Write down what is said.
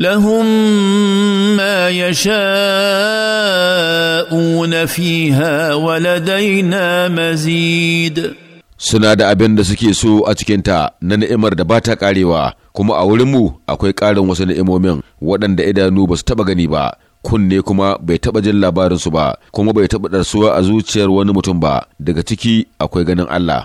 لهم ما يشاءون فيها ولدينا مزيد suna da abin da suke so a cikinta na ni'imar da ba ta karewa kuma a wurinmu akwai ƙarin wasu ni'imomin waɗanda idanu ba su taɓa gani ba kunne kuma bai taɓa jin labarinsu ba kuma bai taɓa ɗarsuwa a zuciyar wani mutum ba daga ciki akwai ganin Allah